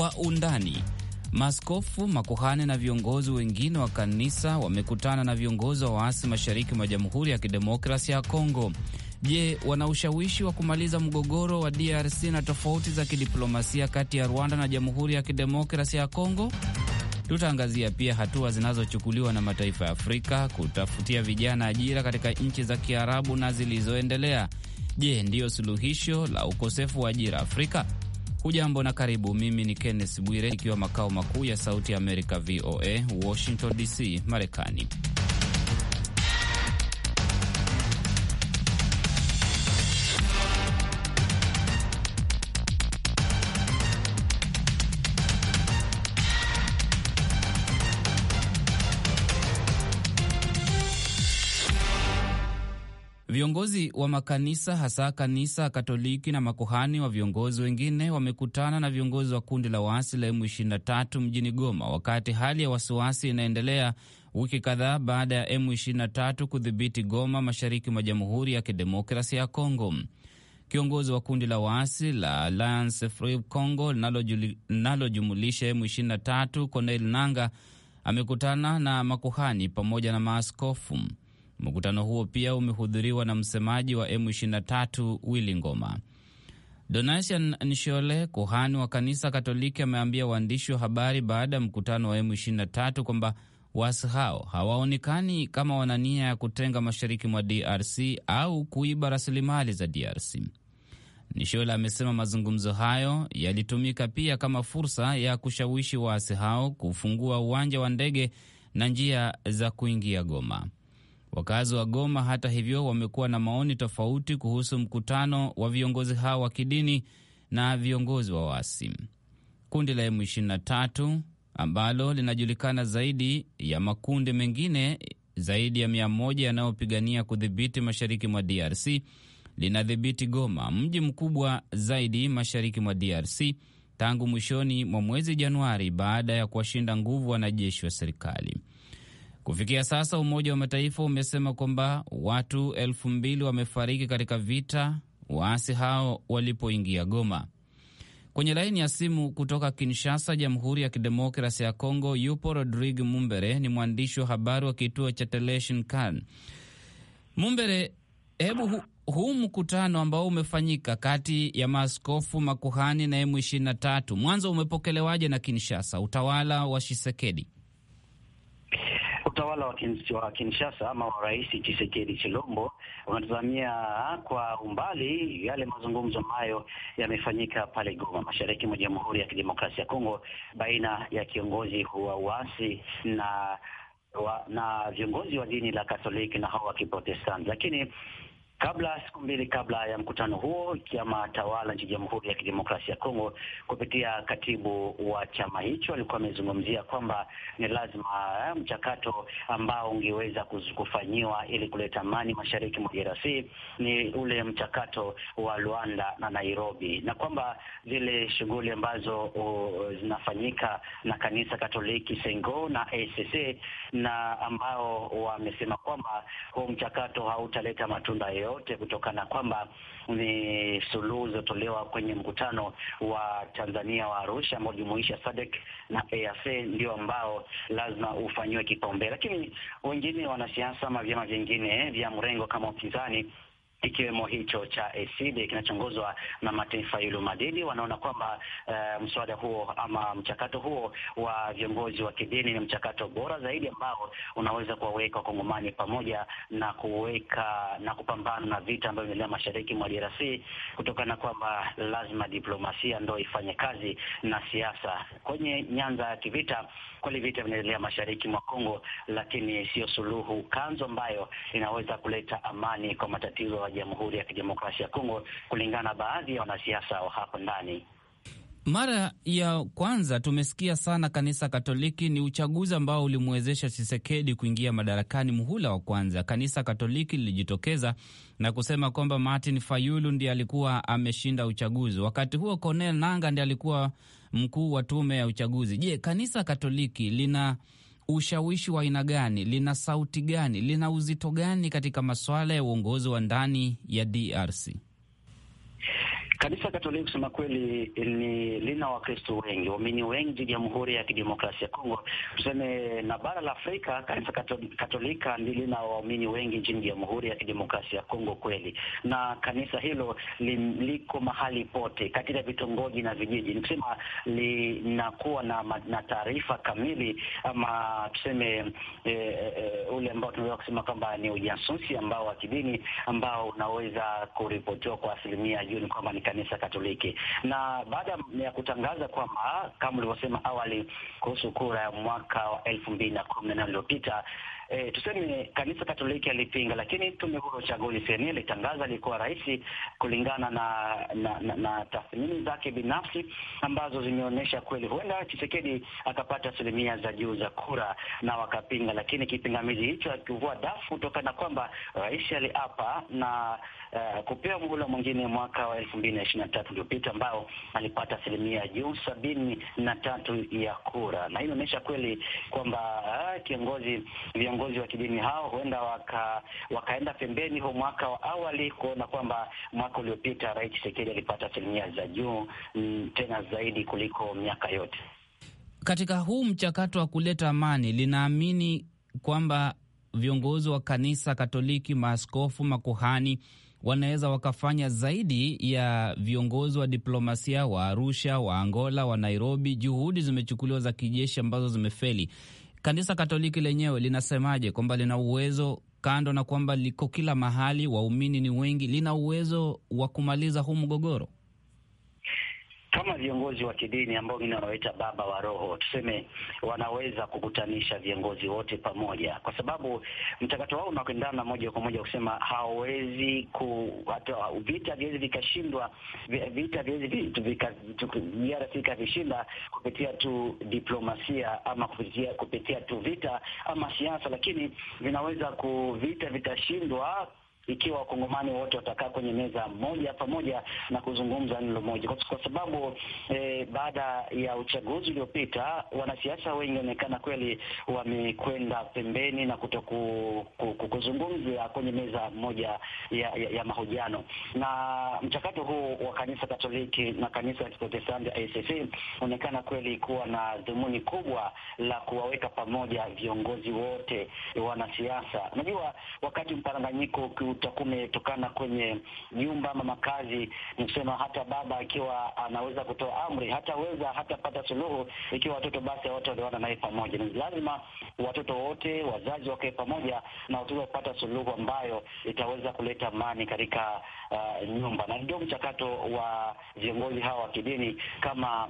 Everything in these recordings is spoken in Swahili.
Kwa undani Maaskofu, makuhani na viongozi wengine wa kanisa wamekutana na viongozi wa waasi mashariki mwa Jamhuri ya Kidemokrasia ya Kongo. Je, wana ushawishi wa kumaliza mgogoro wa DRC na tofauti za kidiplomasia kati ya Rwanda na Jamhuri ya Kidemokrasia ya Kongo? Tutaangazia pia hatua zinazochukuliwa na mataifa ya Afrika kutafutia vijana ajira katika nchi za Kiarabu na zilizoendelea. Je, ndiyo suluhisho la ukosefu wa ajira Afrika? Hujambo na karibu. Mimi ni Kenneth Bwire, ikiwa makao makuu ya Sauti ya Amerika, VOA, Washington DC, Marekani. Viongozi wa makanisa hasa kanisa Katoliki na makuhani wa viongozi wengine wamekutana na viongozi wa kundi la waasi la M23 mjini Goma, wakati hali ya wasiwasi inaendelea wiki kadhaa baada ya M23 kudhibiti Goma, mashariki mwa Jamhuri ya Kidemokrasia ya Kongo. Kiongozi wa kundi la waasi la Alliance Free Congo linalojumulisha M23, Corneille Nanga amekutana na makuhani pamoja na maaskofu. Mkutano huo pia umehudhuriwa na msemaji wa M23 Willy Ngoma. donatian Nshole, kuhani wa kanisa Katoliki, ameambia waandishi wa habari baada ya mkutano wa M23 kwamba waasi hao hawaonekani kama wana nia ya kutenga mashariki mwa DRC au kuiba rasilimali za DRC. Nishole amesema mazungumzo hayo yalitumika pia kama fursa ya kushawishi waasi hao kufungua uwanja wa ndege na njia za kuingia Goma. Wakazi wa Goma, hata hivyo, wamekuwa na maoni tofauti kuhusu mkutano wa viongozi hao wa kidini na viongozi wa waasi. Kundi la M23 ambalo linajulikana zaidi ya makundi mengine zaidi ya mia moja yanayopigania kudhibiti mashariki mwa DRC linadhibiti Goma, mji mkubwa zaidi mashariki mwa DRC tangu mwishoni mwa mwezi Januari baada ya kuwashinda nguvu wanajeshi wa serikali. Kufikia sasa Umoja wa Mataifa umesema kwamba watu elfu mbili wamefariki katika vita waasi hao walipoingia Goma. Kwenye laini ya simu kutoka Kinshasa, Jamhuri ya Kidemokrasi ya Kongo, yupo Rodrigue Mumbere, ni mwandishi wa habari wa kituo cha Television Kan. Mumbere, hebu hu, huu mkutano ambao umefanyika kati ya maaskofu makuhani na emu ishirini na tatu, mwanzo umepokelewaje na Kinshasa, utawala wa Shisekedi? utawala wa Kinshasa ama wa Rais chisekedi Chilombo unatazamia kwa umbali yale mazungumzo ambayo yamefanyika pale Goma, mashariki mwa Jamhuri ya Kidemokrasia ya Kongo, baina ya kiongozi wa uasi na wa, na viongozi wa dini la Katoliki na hao wa Kiprotestanti, lakini Kabla siku mbili kabla ya mkutano huo, chama tawala nchi Jamhuri ya Kidemokrasia ya Kongo kupitia katibu wa chama hicho alikuwa amezungumzia kwamba ni lazima eh, mchakato ambao ungeweza kufanyiwa ili kuleta amani mashariki mwa DRC ni ule mchakato wa Luanda na Nairobi, na kwamba zile shughuli ambazo uh, zinafanyika na kanisa Katoliki Sengo na ACC na ambao wamesema kwamba huu mchakato hautaleta matunda yoyote yoyote kutokana kwamba ni suluhu zilizotolewa kwenye mkutano wa Tanzania wa Arusha ambao jumuisha SADC na EAC ndio ambao lazima ufanyiwe kipaumbele, lakini wengine wanasiasa ama vyama vingine vya mrengo kama upinzani kikiwemo hicho cha ACD kinachoongozwa na mataifa yulu madidi wanaona kwamba uh, mswada huo ama mchakato huo wa viongozi wa kidini ni mchakato bora zaidi ambao unaweza kuwaweka wakongomani pamoja na kuweka na kupambana na vita ambavyo vinaendelea mashariki mwa DRC, kutokana kwamba lazima diplomasia ndo ifanye kazi na siasa kwenye nyanza ya kivita, kwani vita vinaendelea mashariki mwa Kongo, lakini sio suluhu kanzo ambayo inaweza kuleta amani kwa matatizo Jamhuri ya Kidemokrasia ya Kongo, kulingana na baadhi ya wanasiasa wa hapo ndani. Mara ya kwanza tumesikia sana kanisa Katoliki. Ni uchaguzi ambao ulimwezesha Chisekedi kuingia madarakani muhula wa kwanza. Kanisa Katoliki lilijitokeza na kusema kwamba Martin Fayulu ndiye alikuwa ameshinda uchaguzi. Wakati huo cornel nanga ndiye alikuwa mkuu wa tume ya uchaguzi. Je, kanisa Katoliki lina ushawishi wa aina gani, lina sauti gani, lina uzito gani katika masuala ya uongozi wa ndani ya DRC? Kanisa Katoliki kusema kweli ni lina Wakristo wengi, waamini wengi Jamhuri ya Kidemokrasia ya Kongo, tuseme na bara la Afrika. Kanisa Katolika ndi lina waamini wengi nchini Jamhuri ya Kidemokrasia ya Kongo kweli, na kanisa hilo liko mahali pote katika vitongoji na vijiji, kusema linakuwa na, na taarifa kamili ama tuseme e, e, ule ambao tunaweza kusema kwamba ni ujasusi ambao wa kidini ambao unaweza kuripotiwa kwa asilimia juu ni kwamba ni kanisa Katoliki. Na baada ya kutangaza kwamba kama ulivyosema awali kuhusu kura ya mwaka wa elfu mbili na kumi na nane uliopita eh, tuseme kanisa Katoliki alipinga, lakini tume huru ya uchaguzi CENI ilitangaza alikuwa rais kulingana na na, na, na tathmini zake binafsi ambazo zimeonyesha kweli huenda Chisekedi akapata asilimia za juu za kura na wakapinga, lakini kipingamizi hicho akivua dafu na kwamba rais aliapa na uh, eh, kupewa muhula mwingine mwaka wa elfu mbili na ishirini na tatu uliopita ambao alipata asilimia juu sabini na tatu ya kura, na hii inaonyesha kweli kwamba uh, kiongozi viongozi viongozi wa kidini hao huenda waka, wakaenda pembeni huo mwaka wa awali kuona kwamba mwaka uliopita Rais Tshisekedi alipata asilimia za juu mm, tena zaidi kuliko miaka yote. Katika huu mchakato wa kuleta amani, linaamini kwamba viongozi wa kanisa Katoliki, maaskofu, makuhani wanaweza wakafanya zaidi ya viongozi wa diplomasia wa Arusha, wa Angola, wa Nairobi. Juhudi zimechukuliwa za kijeshi ambazo zimefeli. Kanisa Katoliki lenyewe linasemaje kwamba lina uwezo kando na kwamba liko kila mahali, waumini ni wengi, lina uwezo wa kumaliza huu mgogoro? kama viongozi wa kidini ambao mimi baba wa roho, tuseme, wanaweza kukutanisha viongozi wote pamoja, kwa sababu mchakato wao unakwendana moja kwa moja kusema hawezi ku hata vita viwezi vikashindwa, vita viwezi DRC vishinda kupitia tu diplomasia ama kupitia, kupitia tu vita ama siasa, lakini vinaweza ku vita vitashindwa ikiwa wakongomani wote watakaa kwenye meza moja pamoja na kuzungumza neno moja, kwa sababu eh, baada ya uchaguzi uliopita wanasiasa wengi onekana kweli wamekwenda pembeni na kutokuzungumza kwenye meza moja ya, ya, ya mahojiano. Na mchakato huu wa kanisa Katoliki na kanisa la Protestanti ACC onekana kweli kuwa na dhumuni kubwa la kuwaweka pamoja viongozi wote wanasiasa. Unajua, wakati mparanganyiko utakuwa umetokana kwenye nyumba ama makazi. Nikusema hata baba akiwa anaweza kutoa amri, hataweza hatapata suluhu ikiwa watoto basi hawataelewana naye pamoja. Ni lazima watoto wote wazazi wakae pamoja na watoto kupata suluhu ambayo itaweza kuleta amani katika uh, nyumba, na ndio mchakato wa viongozi hawa wa kidini kama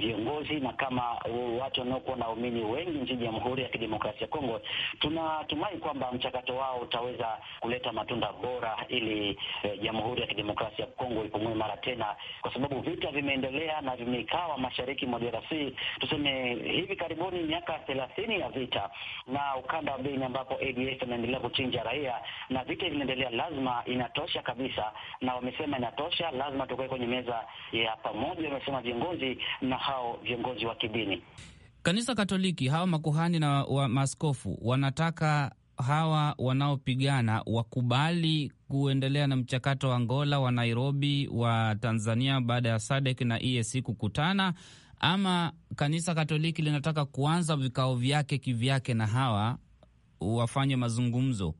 viongozi na kama uh, watu wanaokuwa na waumini wengi nchini Jamhuri ya Kidemokrasia ya Kongo, tunatumai kwamba mchakato wao utaweza kuleta matunda bora ili eh, Jamhuri ya Kidemokrasia ya Kongo ipumue mara tena, kwa sababu vita vimeendelea na vimekawa mashariki mwa DRC, tuseme hivi karibuni miaka thelathini ya vita na ukanda wa Beni, ambapo ADF inaendelea kuchinja raia na vita vinaendelea. Lazima inatosha kabisa, na wamesema inatosha, lazima tukae kwenye meza ya pamoja, wamesema viongozi na hao viongozi wa kidini. Kanisa Katoliki, hawa makuhani na wa maskofu wanataka hawa wanaopigana wakubali kuendelea na mchakato wa Angola wa Nairobi wa Tanzania baada ya SADC na EAC kukutana, ama kanisa Katoliki linataka kuanza vikao vyake kivyake na hawa wafanye mazungumzo.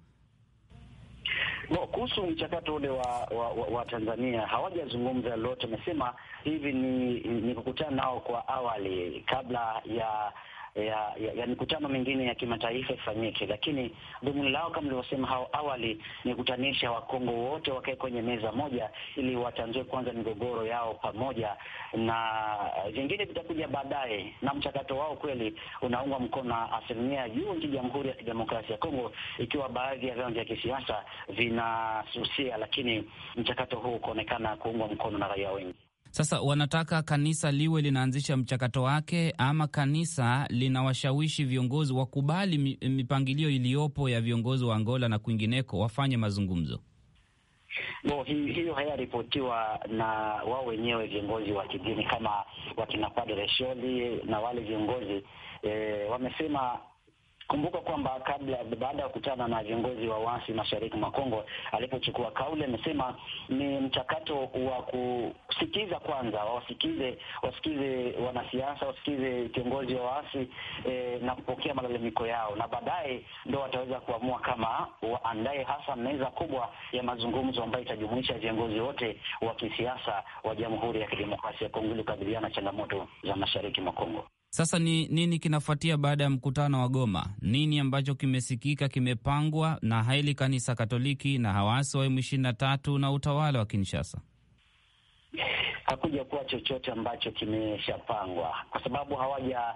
No, kuhusu mchakato ule wa, wa, wa, wa Tanzania hawajazungumza lolote. Amesema hivi ni, ni kukutana nao kwa awali kabla ya ya, ya, ya mikutano mingine ya kimataifa ifanyike, lakini dhumuni lao kama nilivyosema hao awali ni kutanisha Wakongo wote wakae kwenye meza moja ili watanzue kwanza migogoro yao pamoja, na eh, vingine vitakuja baadaye, na mchakato wao kweli unaungwa mkono na asilimia juu nchi Jamhuri ya Kidemokrasia ya Kongo, ikiwa baadhi ya vyama vya kisiasa vinasusia, lakini mchakato huu ukaonekana kuungwa mkono na raia wengi. Sasa wanataka kanisa liwe linaanzisha mchakato wake ama kanisa linawashawishi viongozi wakubali mipangilio iliyopo ya viongozi wa Angola na kwingineko wafanye mazungumzo. No, hiyo hayaripotiwa na wao wenyewe viongozi wa kidini kama wakina Padre Sholi na wale viongozi e, wamesema Kumbuka kwamba kabla baada ya kukutana na viongozi wa waasi mashariki mwa Kongo, alipochukua kauli amesema ni mchakato wa kusikiza kwanza, wasikize wasikize wanasiasa, wasikize kiongozi wa waasi e, na kupokea malalamiko yao, na baadaye ndo wataweza kuamua kama waandaye hasa meza kubwa ya mazungumzo ambayo itajumuisha viongozi wote wa kisiasa wa Jamhuri ya Kidemokrasia ya Kongo ili kukabiliana na changamoto za mashariki mwa Kongo. Sasa ni nini kinafuatia baada ya mkutano wa Goma? Nini ambacho kimesikika kimepangwa na haili kanisa Katoliki na hawasi wa emu ishirini na tatu na utawala wa Kinshasa? Hakuja kuwa chochote ambacho kimeshapangwa kwa sababu hawaja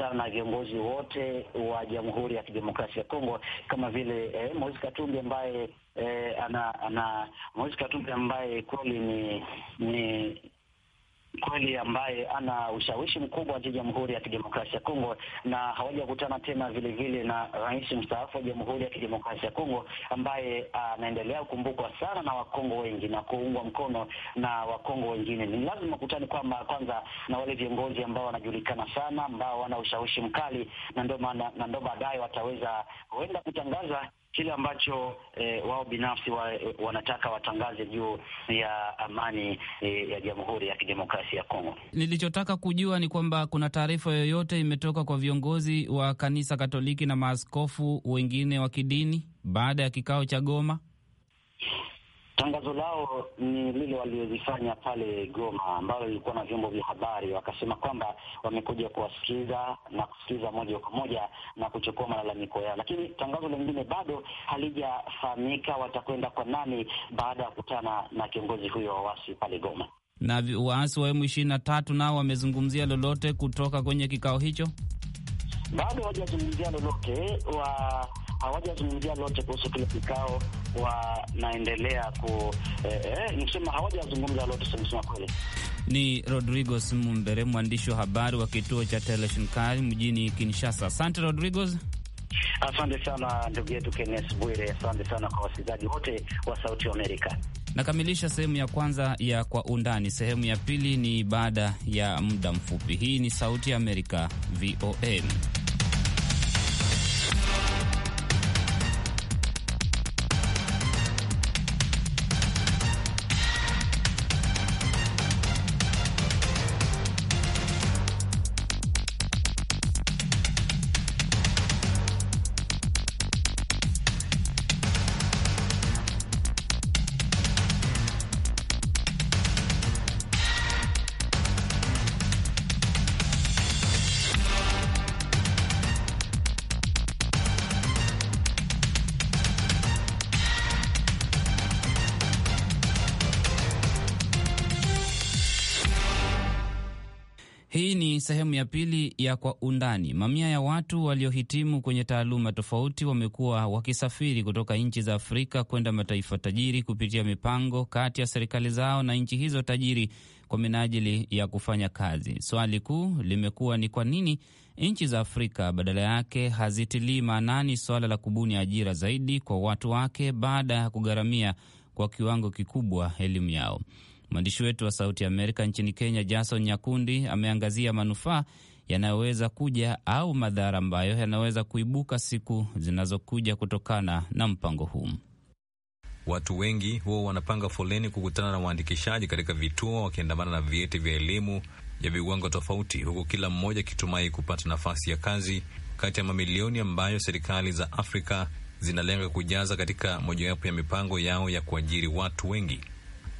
uh, na viongozi wote wa Jamhuri ya Kidemokrasia ya Kongo kama vile eh, Moise Katumbi ambaye eh, ana, ana Moise Katumbi ambaye kweli ni, ni kweli ambaye ana ushawishi mkubwa katika Jamhuri ya Kidemokrasia ya Kongo, na hawajakutana tena vile vile na rais mstaafu wa Jamhuri ya Kidemokrasia ya Kongo ambaye ah, anaendelea kukumbukwa sana na Wakongo wengi na kuungwa mkono na Wakongo wengine. Ni lazima kutani kwamba kwanza na wale viongozi ambao wanajulikana sana, ambao wana ushawishi mkali, na ndio maana na ndio baadaye wataweza huenda kutangaza kile ambacho eh, wao binafsi wa, eh, wanataka watangaze juu ya amani eh, ya Jamhuri ya Kidemokrasia ya Kongo. Nilichotaka kujua ni kwamba kuna taarifa yoyote imetoka kwa viongozi wa kanisa Katoliki na maaskofu wengine wa kidini baada ya kikao cha Goma? Tangazo lao ni lile waliozifanya pale Goma, ambalo lilikuwa na vyombo vya habari, wakasema kwamba wamekuja kuwasikiza na kusikiza moja kwa moja na kuchukua malalamiko yao, lakini tangazo lingine bado halijafahamika watakwenda kwa nani baada ya kukutana na kiongozi huyo wa waasi pale Goma. Na waasi wa emu ishirini na tatu nao wamezungumzia lolote kutoka kwenye kikao hicho? Bado hawajazungumzia lolote wa hawajazungumzia lote kuhusu kile kikao wanaendelea ku eh, eh, nikusema hawajazungumza lote, sema kweli. Ni Rodrigos Mumbere, mwandishi wa habari wa kituo cha teleshinkari mjini Kinshasa. Asante Rodrigos. Asante sana ndugu yetu Kennes Bwire, asante sana kwa wasikilizaji wote wa Sauti Amerika. Nakamilisha sehemu ya kwanza ya Kwa Undani. Sehemu ya pili ni baada ya muda mfupi. Hii ni Sauti ya Amerika, VOA. Hii ni sehemu ya pili ya Kwa Undani. Mamia ya watu waliohitimu kwenye taaluma tofauti wamekuwa wakisafiri kutoka nchi za Afrika kwenda mataifa tajiri kupitia mipango kati ya serikali zao na nchi hizo tajiri kwa minajili ya kufanya kazi. Swali kuu limekuwa ni kwa nini nchi za Afrika badala yake hazitilii maanani suala la kubuni ajira zaidi kwa watu wake baada ya kugharamia kwa kiwango kikubwa elimu yao. Mwandishi wetu wa Sauti Amerika nchini Kenya, Jason Nyakundi, ameangazia manufaa yanayoweza kuja au madhara ambayo yanaweza kuibuka siku zinazokuja kutokana na mpango huu. Watu wengi huwa wanapanga foleni kukutana na waandikishaji katika vituo, wakiandamana na vyeti vya elimu ya viwango tofauti, huku kila mmoja akitumai kupata nafasi ya kazi kati ya mamilioni ambayo serikali za Afrika zinalenga kujaza katika mojawapo ya mipango yao ya kuajiri watu wengi.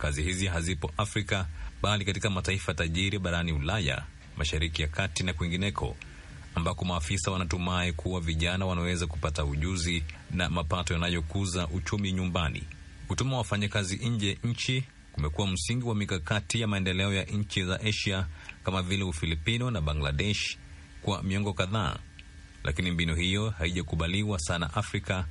Kazi hizi hazipo Afrika bali katika mataifa tajiri barani Ulaya, Mashariki ya Kati na kwingineko, ambako maafisa wanatumai kuwa vijana wanaweza kupata ujuzi na mapato yanayokuza uchumi nyumbani. Kutuma wafanyakazi nje nchi kumekuwa msingi wa mikakati ya maendeleo ya nchi za Asia kama vile Ufilipino na Bangladesh kwa miongo kadhaa, lakini mbinu hiyo haijakubaliwa sana Afrika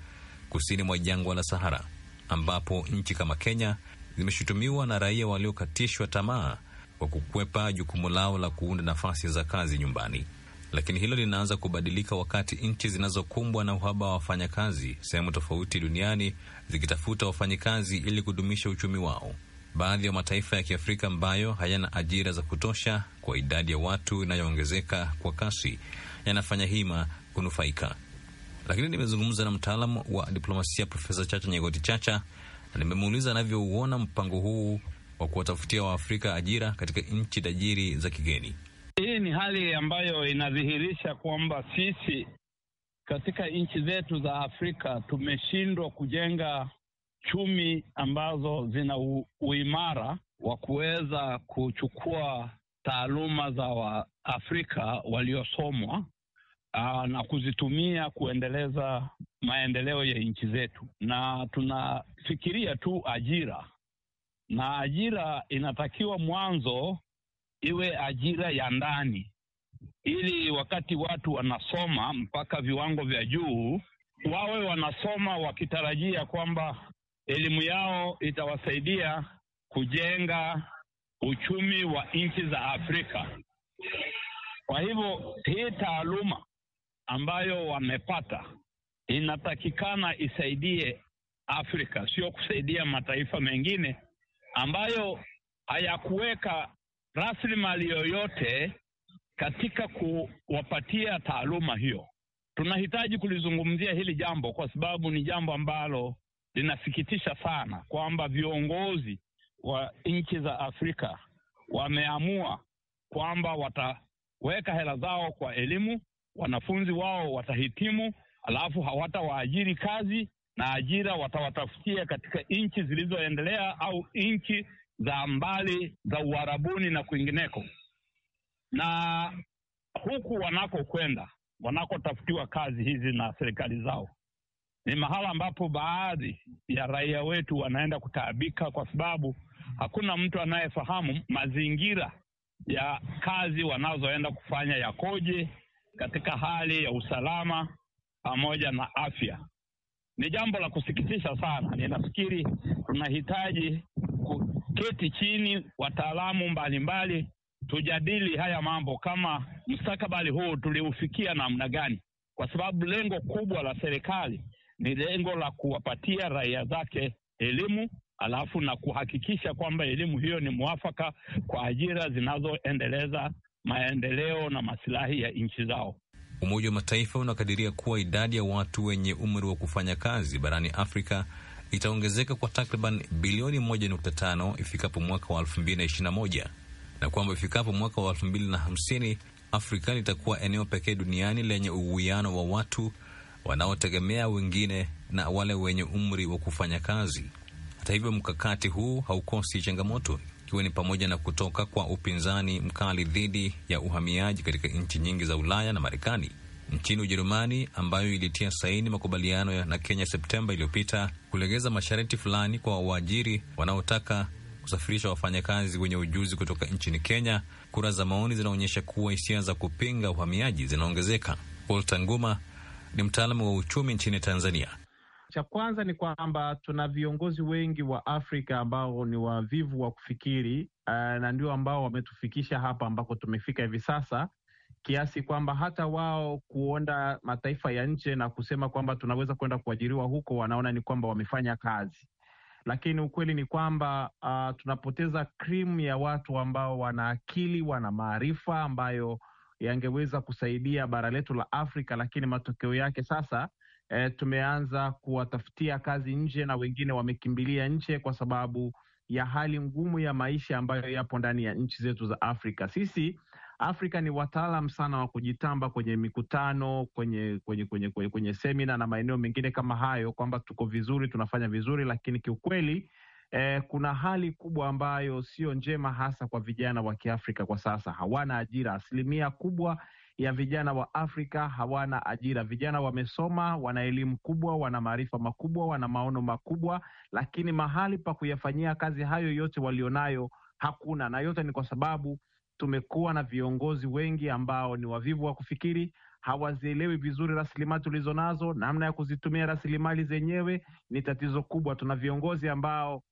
kusini mwa jangwa la Sahara, ambapo nchi kama Kenya zimeshutumiwa na raia waliokatishwa tamaa kwa kukwepa jukumu lao la kuunda nafasi za kazi nyumbani. Lakini hilo linaanza kubadilika wakati nchi zinazokumbwa na uhaba wa wafanyakazi sehemu tofauti duniani zikitafuta wafanyakazi ili kudumisha uchumi wao. Baadhi ya mataifa ya Kiafrika ambayo hayana ajira za kutosha kwa idadi ya watu inayoongezeka kwa kasi yanafanya hima kunufaika. Lakini nimezungumza na mtaalamu wa diplomasia Profesa Chacha Nyegoti Chacha Nimemuuliza anavyouona mpango huu wa kuwatafutia Waafrika ajira katika nchi tajiri za kigeni. Hii ni hali ambayo inadhihirisha kwamba sisi katika nchi zetu za Afrika tumeshindwa kujenga chumi ambazo zina uimara wa kuweza kuchukua taaluma za Waafrika waliosomwa uh, na kuzitumia kuendeleza maendeleo ya nchi zetu, na tunafikiria tu ajira, na ajira inatakiwa mwanzo iwe ajira ya ndani, ili wakati watu wanasoma mpaka viwango vya juu wawe wanasoma wakitarajia kwamba elimu yao itawasaidia kujenga uchumi wa nchi za Afrika. Kwa hivyo hii taaluma ambayo wamepata inatakikana isaidie Afrika, sio kusaidia mataifa mengine ambayo hayakuweka rasilimali yoyote katika kuwapatia taaluma hiyo. Tunahitaji kulizungumzia hili jambo kwa sababu ni jambo ambalo linasikitisha sana kwamba viongozi wa nchi za Afrika wameamua kwamba wataweka hela zao kwa elimu wanafunzi wao watahitimu, alafu hawatawaajiri kazi, na ajira watawatafutia katika nchi zilizoendelea au nchi za mbali za uharabuni na kwingineko. Na huku wanakokwenda, wanakotafutiwa kazi hizi na serikali zao, ni mahala ambapo baadhi ya raia wetu wanaenda kutaabika, kwa sababu hakuna mtu anayefahamu mazingira ya kazi wanazoenda kufanya yakoje katika hali ya usalama pamoja na afya. Ni jambo la kusikitisha sana. Ninafikiri tunahitaji kuketi chini, wataalamu mbalimbali, tujadili haya mambo, kama mustakabali huu tuliufikia namna gani, kwa sababu lengo kubwa la serikali ni lengo la kuwapatia raia zake elimu alafu na kuhakikisha kwamba elimu hiyo ni mwafaka kwa ajira zinazoendeleza maendeleo na masilahi ya nchi zao. Umoja wa Mataifa unakadiria kuwa idadi ya watu wenye umri wa kufanya kazi barani Afrika itaongezeka kwa takriban bilioni 1.5 ifikapo mwaka wa 2021 na kwamba ifikapo mwaka wa 2050 Afrika litakuwa eneo pekee duniani lenye uwiano wa watu wanaotegemea wengine na wale wenye umri wa kufanya kazi. Hata hivyo, mkakati huu haukosi changamoto ikiwa ni pamoja na kutoka kwa upinzani mkali dhidi ya uhamiaji katika nchi nyingi za Ulaya na Marekani. Nchini Ujerumani ambayo ilitia saini makubaliano na Kenya Septemba iliyopita kulegeza masharti fulani kwa waajiri wanaotaka kusafirisha wafanyakazi wenye ujuzi kutoka nchini Kenya. Kura za maoni zinaonyesha kuwa hisia za kupinga uhamiaji zinaongezeka. Paul Tanguma ni mtaalamu wa uchumi nchini Tanzania cha kwanza ni kwamba tuna viongozi wengi wa Afrika ambao ni wavivu wa kufikiri uh, na ndio ambao wametufikisha hapa ambako tumefika hivi sasa, kiasi kwamba hata wao kuonda mataifa ya nje na kusema kwamba tunaweza kwenda kuajiriwa huko, wanaona ni kwamba wamefanya kazi, lakini ukweli ni kwamba uh, tunapoteza krimu ya watu ambao wana akili, wana maarifa ambayo yangeweza kusaidia bara letu la Afrika, lakini matokeo yake sasa e, tumeanza kuwatafutia kazi nje na wengine wamekimbilia nje kwa sababu ya hali ngumu ya maisha ambayo yapo ndani ya nchi zetu za Afrika. Sisi Afrika ni wataalam sana wa kujitamba kwenye mikutano, kwenye kwenye kwenye kwenye, kwenye semina na maeneo mengine kama hayo kwamba tuko vizuri, tunafanya vizuri, lakini kiukweli eh, kuna hali kubwa ambayo sio njema hasa kwa vijana wa Kiafrika kwa sasa. Hawana ajira. Asilimia kubwa ya vijana wa Afrika hawana ajira. Vijana wamesoma, wana elimu kubwa, wana maarifa makubwa, wana maono makubwa, lakini mahali pa kuyafanyia kazi hayo yote walionayo hakuna, na yote ni kwa sababu tumekuwa na viongozi wengi ambao ni wavivu wa kufikiri, hawazielewi vizuri rasilimali tulizo nazo. Namna ya kuzitumia rasilimali zenyewe ni tatizo kubwa. Tuna viongozi ambao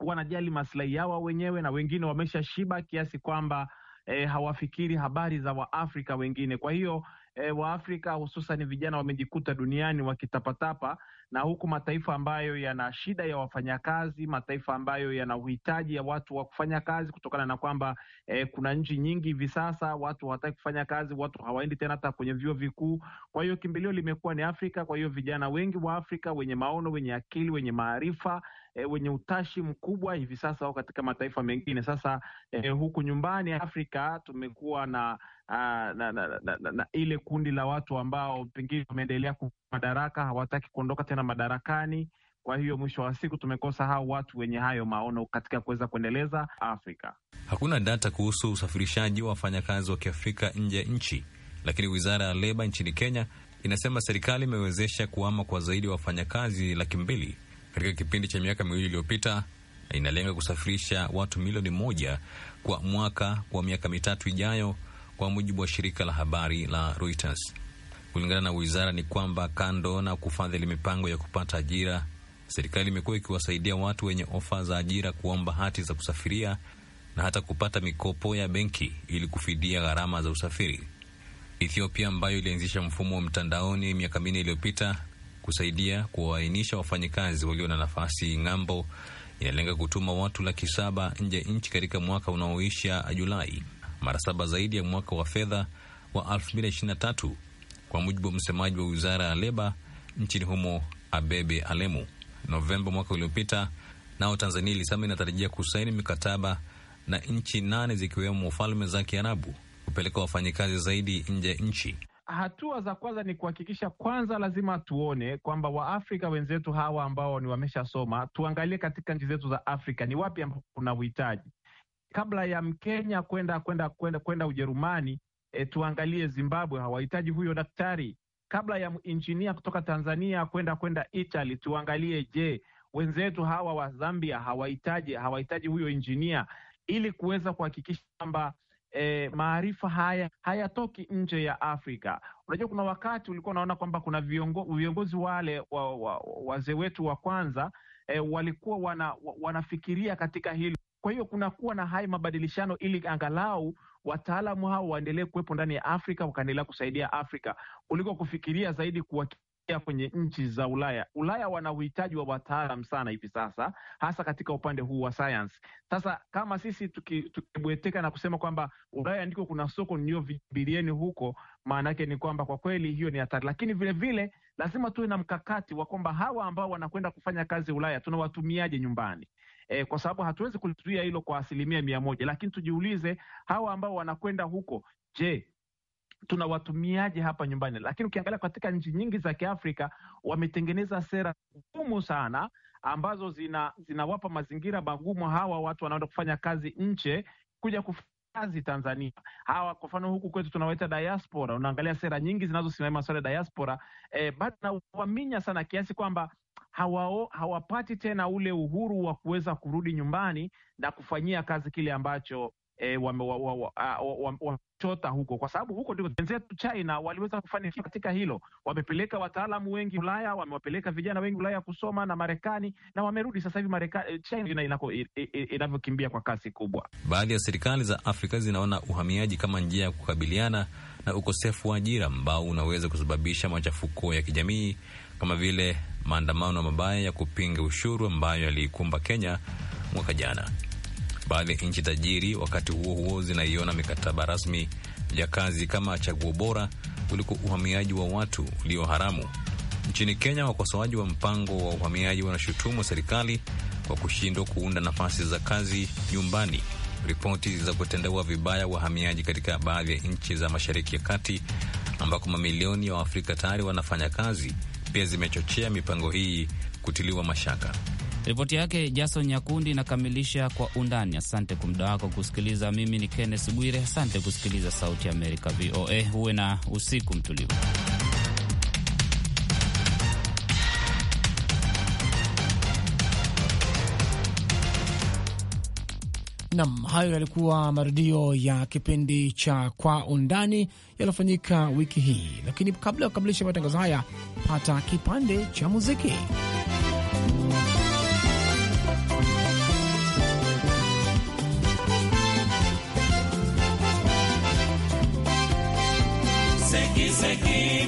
wanajali maslahi yao wenyewe na wengine wamesha shiba kiasi kwamba e, hawafikiri habari za Waafrika wengine. Kwa hiyo e, Waafrika hususan vijana wamejikuta duniani wakitapatapa, na huku mataifa ambayo yana shida ya wafanyakazi, mataifa ambayo yana uhitaji ya watu wa kufanya kazi, kutokana na kwamba e, kuna nchi nyingi hivi sasa watu hawataki kufanya kazi, watu hawaendi tena hata kwenye vyuo vikuu. Kwa hiyo kimbilio limekuwa ni Afrika. Kwa hiyo vijana wengi wa Afrika wenye maono, wenye akili, wenye maarifa e, wenye utashi mkubwa hivi sasa au katika mataifa mengine. Sasa e, huku nyumbani Afrika tumekuwa na, ah, na, na, na, na, na ile kundi la watu ambao pengine wameendelea madaraka, hawataki kuondoka tena madarakani. Kwa hiyo mwisho wa siku tumekosa hao watu wenye hayo maono katika kuweza kuendeleza Afrika. Hakuna data kuhusu usafirishaji wa wafanyakazi wa Kiafrika nje ya nchi, lakini wizara ya leba nchini Kenya inasema serikali imewezesha kuama kwa zaidi ya wafanyakazi laki mbili katika kipindi cha miaka miwili iliyopita na inalenga kusafirisha watu milioni moja kwa mwaka kwa miaka mitatu ijayo, kwa mujibu wa shirika la habari la Reuters. Kulingana na wizara ni kwamba kando na kufadhili mipango ya kupata ajira, serikali imekuwa ikiwasaidia watu wenye ofa za ajira kuomba hati za kusafiria na hata kupata mikopo ya benki ili kufidia gharama za usafiri. Ethiopia ambayo ilianzisha mfumo wa mtandaoni miaka minne iliyopita kusaidia kuwaainisha wafanyakazi walio na nafasi ng'ambo. Inalenga kutuma watu laki saba nje ya nchi katika mwaka unaoisha Julai, mara saba zaidi ya mwaka wa fedha wa 2023 kwa mujibu wa msemaji wa wizara ya leba nchini humo Abebe Alemu. Novemba mwaka uliopita, nao Tanzania ilisema inatarajia kusaini mikataba na nchi nane zikiwemo Falme za Kiarabu kupeleka wafanyakazi zaidi nje ya nchi hatua za kwanza ni kuhakikisha kwanza, lazima tuone kwamba waafrika wenzetu hawa ambao ni wameshasoma, tuangalie katika nchi zetu za Afrika ni wapi ambapo kuna uhitaji kabla ya Mkenya kwenda kwenda kwenda kwenda Ujerumani. E, tuangalie Zimbabwe, hawahitaji huyo daktari. Kabla ya injinia kutoka Tanzania kwenda kwenda Italy, tuangalie, je, wenzetu hawa wa Zambia hawahitaji hawahitaji huyo injinia, ili kuweza kuhakikisha kwamba e, maarifa haya hayatoki nje ya Afrika. Unajua, kuna wakati ulikuwa unaona kwamba kuna viongo, viongozi wale wa, wa, wazee wetu wa kwanza e, walikuwa wana, wanafikiria katika hilo. Kwa hiyo kunakuwa na haya mabadilishano ili angalau wataalamu hao waendelee kuwepo ndani ya Afrika wakaendelea kusaidia Afrika kuliko kufikiria zaidi kuwa kwenye nchi za Ulaya. Ulaya wana uhitaji wa wataalam sana hivi sasa, hasa katika upande huu wa science. Sasa kama sisi tukibweteka tuki na kusema kwamba Ulaya ndiko kuna soko vibilieni huko, maana yake ni kwamba kwa kweli hiyo ni hatari, lakini vilevile vile, lazima tuwe na mkakati wa kwamba hawa ambao wanakwenda kufanya kazi Ulaya tunawatumiaje nyumbani? E, kwa sababu hatuwezi kuzuia hilo kwa asilimia mia moja, lakini tujiulize hawa ambao wanakwenda huko, je, tunawatumiaje hapa nyumbani. Lakini ukiangalia katika nchi nyingi za Kiafrika wametengeneza sera ngumu sana ambazo zina zinawapa mazingira magumu hawa watu wanaenda kufanya kazi nje kuja kufanya kazi Tanzania. Hawa kwa mfano huku kwetu tunawaita diaspora. Unaangalia sera nyingi zinazosimamia masuala ya diaspora eh, bado nawaminya sana kiasi kwamba hawao hawapati tena ule uhuru wa kuweza kurudi nyumbani na kufanyia kazi kile ambacho Eh, wamechota huko, kwa sababu huko ndio wenzetu China waliweza kufanikiwa katika hilo. Wamepeleka wataalamu wengi Ulaya, wamewapeleka vijana wengi Ulaya kusoma na Marekani, na wamerudi sasa hivi eh, China inavyokimbia kwa kasi kubwa. Baadhi ya serikali za Afrika zinaona uhamiaji kama njia ya kukabiliana na ukosefu wa ajira ambao unaweza kusababisha machafuko ya kijamii kama vile maandamano mabaya ya kupinga ushuru ambayo yaliikumba Kenya mwaka jana. Baadhi ya nchi tajiri wakati huo huo zinaiona mikataba rasmi ya kazi kama chaguo bora kuliko uhamiaji wa watu ulio haramu. Nchini Kenya, wakosoaji wa mpango wa uhamiaji wanashutumu serikali kwa kushindwa kuunda nafasi za kazi nyumbani. Ripoti za kutendewa vibaya wahamiaji katika baadhi ya nchi za Mashariki ya Kati ambako mamilioni ya Waafrika tayari wanafanya kazi pia zimechochea mipango hii kutiliwa mashaka. Ripoti yake Jason Nyakundi inakamilisha kwa undani. Asante kwa muda wako kusikiliza. Mimi ni Kenneth Bwire, asante kusikiliza Sauti ya Amerika VOA. Huwe na usiku mtulivu. Nam, hayo yalikuwa marudio ya kipindi cha Kwa Undani yaliyofanyika wiki hii, lakini kabla ya kukamilisha matangazo haya, pata kipande cha muziki. Thank you.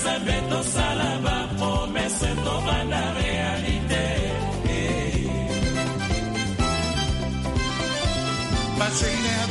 nzambe tosala bapromese oh, tobanda realite basheri na ya